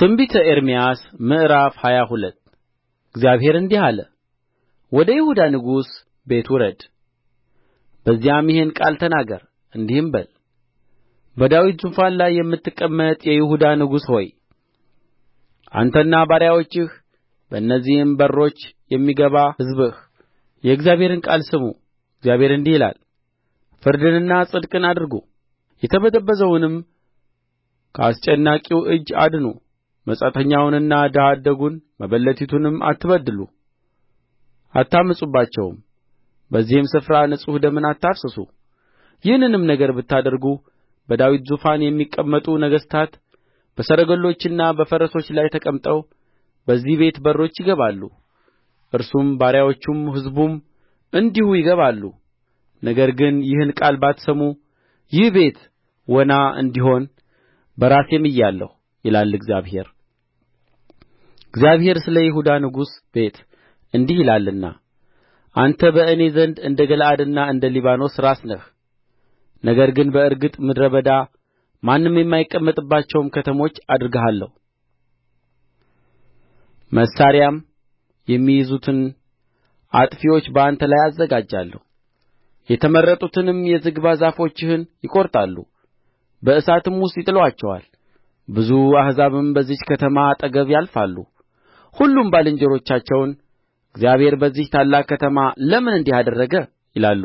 ትንቢተ ኤርምያስ ምዕራፍ ሃያ ሁለት እግዚአብሔር እንዲህ አለ ወደ ይሁዳ ንጉሥ ቤት ውረድ በዚያም ይህን ቃል ተናገር እንዲህም በል በዳዊት ዙፋን ላይ የምትቀመጥ የይሁዳ ንጉሥ ሆይ አንተና ባሪያዎችህ በእነዚህም በሮች የሚገባ ሕዝብህ የእግዚአብሔርን ቃል ስሙ እግዚአብሔር እንዲህ ይላል ፍርድንና ጽድቅን አድርጉ የተበዘበዘውንም ከአስጨናቂው እጅ አድኑ መጻተኛውንና ድሀ አደጉን መበለቲቱንም አትበድሉ አታምፁባቸውም በዚህም ስፍራ ንጹሕ ደምን አታፍስሱ ይህንንም ነገር ብታደርጉ በዳዊት ዙፋን የሚቀመጡ ነገሥታት በሰረገሎችና በፈረሶች ላይ ተቀምጠው በዚህ ቤት በሮች ይገባሉ እርሱም ባሪያዎቹም ሕዝቡም እንዲሁ ይገባሉ ነገር ግን ይህን ቃል ባትሰሙ ይህ ቤት ወና እንዲሆን በራሴ ምያለሁ ይላል እግዚአብሔር እግዚአብሔር ስለ ይሁዳ ንጉሥ ቤት እንዲህ ይላልና አንተ በእኔ ዘንድ እንደ ገለዓድና እንደ ሊባኖስ ራስ ነህ ነገር ግን በእርግጥ ምድረ በዳ ማንም የማይቀመጥባቸውም ከተሞች አደርግሃለሁ መሣሪያም የሚይዙትን አጥፊዎች በአንተ ላይ አዘጋጃለሁ የተመረጡትንም የዝግባ ዛፎችህን ይቈርጣሉ በእሳትም ውስጥ ይጥሉአቸዋል ብዙ አሕዛብም በዚህች ከተማ አጠገብ ያልፋሉ ሁሉም ባልንጀሮቻቸውን እግዚአብሔር በዚህች ታላቅ ከተማ ለምን እንዲህ አደረገ ይላሉ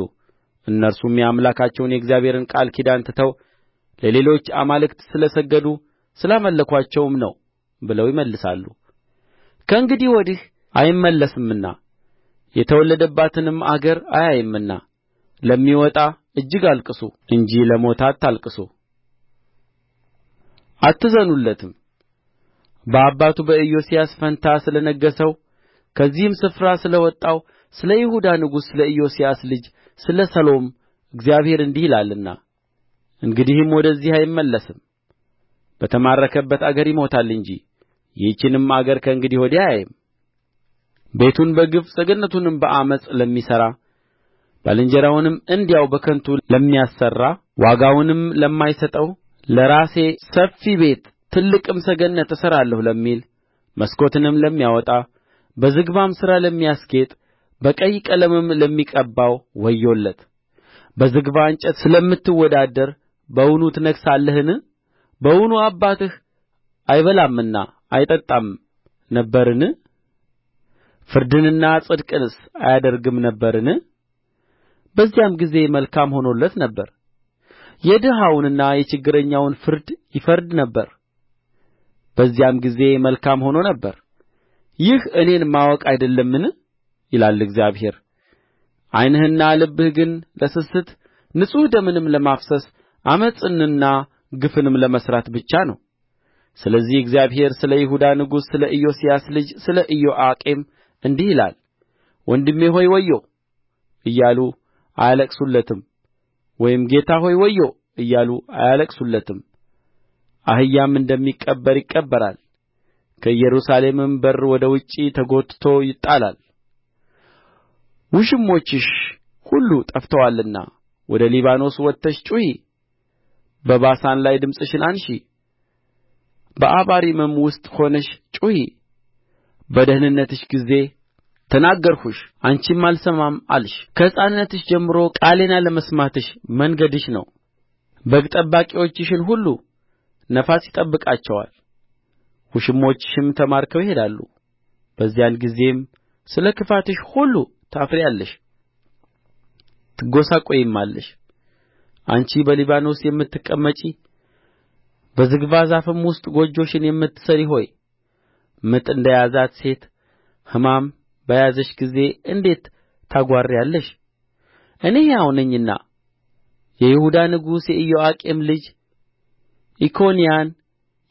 እነርሱም የአምላካቸውን የእግዚአብሔርን ቃል ኪዳን ትተው ለሌሎች አማልክት ስለ ሰገዱ ስላመለኩአቸውም ነው ብለው ይመልሳሉ ከእንግዲህ ወዲህ አይመለስምና የተወለደባትንም አገር አያይምና ለሚወጣ እጅግ አልቅሱ እንጂ ለሞተ አታልቅሱ አትዘኑለትም በአባቱ በኢዮስያስ ፋንታ ስለ ነገሠው ከዚህም ስፍራ ስለ ወጣው ስለ ይሁዳ ንጉሥ ስለ ኢዮስያስ ልጅ ስለ ሰሎም እግዚአብሔር እንዲህ ይላልና እንግዲህም ወደዚህ አይመለስም በተማረከባት አገር ይሞታል እንጂ ይህችንም አገር ከእንግዲህ ወዲህ አያይም ቤቱን በግፍ ሰገነቱንም በዓመፅ ለሚሠራ ባልንጀራውንም እንዲያው በከንቱ ለሚያሠራ ዋጋውንም ለማይሰጠው ለራሴ ሰፊ ቤት ትልቅም ሰገነት እሠራለሁ ለሚል መስኮትንም ለሚያወጣ በዝግባም ሥራ ለሚያስጌጥ በቀይ ቀለምም ለሚቀባው ወዮለት በዝግባ እንጨት ስለምትወዳደር በውኑ ትነግሣለህን በውኑ አባትህ አይበላምና አይጠጣም ነበርን ፍርድንና ጽድቅንስ አያደርግም ነበርን በዚያም ጊዜ መልካም ሆኖለት ነበር የድሀውንና የችግረኛውን ፍርድ ይፈርድ ነበር በዚያም ጊዜ መልካም ሆኖ ነበር ይህ እኔን ማወቅ አይደለምን ይላል እግዚአብሔር ዓይንህና ልብህ ግን ለስስት ንጹሕ ደምንም ለማፍሰስ ዓመፅንና ግፍንም ለመሥራት ብቻ ነው ስለዚህ እግዚአብሔር ስለ ይሁዳ ንጉሥ ስለ ኢዮስያስ ልጅ ስለ ኢዮአቄም እንዲህ ይላል ወንድሜ ሆይ ወዮ እያሉ አያለቅሱለትም ወይም ጌታ ሆይ ወዮ እያሉ አያለቅሱለትም አህያም እንደሚቀበር ይቀበራል ከኢየሩሳሌምም በር ወደ ውጭ ተጐትቶ ይጣላል ውሽሞችሽ ሁሉ ጠፍተዋልና ወደ ሊባኖስ ወጥተሽ ጩኺ በባሳን ላይ ድምፅሽን አንሺ በአባሪምም ውስጥ ሆነሽ ጩኺ በደኅንነትሽ ጊዜ ተናገርሁሽ አንቺም አልሰማም አልሽ ከሕፃንነትሽ ጀምሮ ቃሌን አለመስማትሽ መንገድሽ ነው በግ ጠባቂዎችሽን ሁሉ ነፋስ ይጠብቃቸዋል ውሽሞችሽም ተማርከው ይሄዳሉ በዚያን ጊዜም ስለ ክፋትሽ ሁሉ ታፍሪያለሽ ትጐሳቈይማለሽ አንቺ በሊባኖስ የምትቀመጪ በዝግባ ዛፍም ውስጥ ጎጆሽን የምትሠሪ ሆይ ምጥ እንደ ያዛት ሴት ሕማም በያዘሽ ጊዜ እንዴት ታጓሪያለሽ እኔ ሕያው ነኝና የይሁዳ ንጉሥ የኢዮአቄም ልጅ ኢኮንያን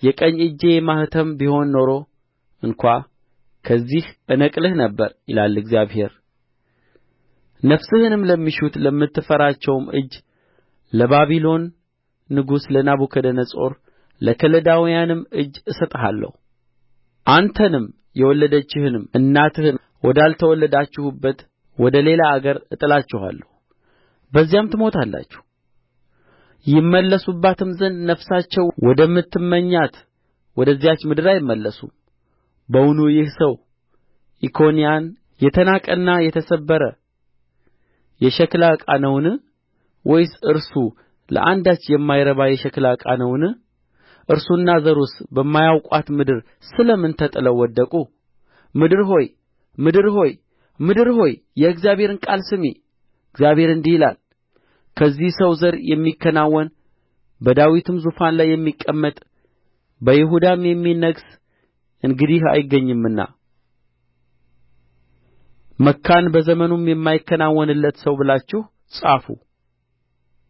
የቀኝ እጄ ማኅተም ቢሆን ኖሮ እንኳ ከዚህ እነቅልህ ነበር ይላል እግዚአብሔር ነፍስህንም ለሚሹት ለምትፈራቸውም እጅ ለባቢሎን ንጉሥ ለናቡከደነፆር ለከለዳውያንም እጅ እሰጥሃለሁ አንተንም የወለደችህንም እናትህን ወዳልተወለዳችሁባት ወደ ሌላ አገር እጥላችኋለሁ በዚያም ትሞታላችሁ ይመለሱባትም ዘንድ ነፍሳቸው ወደምትመኛት ወደዚያች ምድር አይመለሱም በውኑ ይህ ሰው ኢኮንያን የተናቀና የተሰበረ የሸክላ ዕቃ ነውን ወይስ እርሱ ለአንዳች የማይረባ የሸክላ ዕቃ ነውን እርሱና ዘሩስ በማያውቋት ምድር ስለ ምን ተጥለው ወደቁ ምድር ሆይ ምድር ሆይ ምድር ሆይ የእግዚአብሔርን ቃል ስሚ እግዚአብሔር እንዲህ ይላል ከዚህ ሰው ዘር የሚከናወን በዳዊትም ዙፋን ላይ የሚቀመጥ በይሁዳም የሚነግሥ እንግዲህ አይገኝምና መካን በዘመኑም የማይከናወንለት ሰው ብላችሁ ጻፉ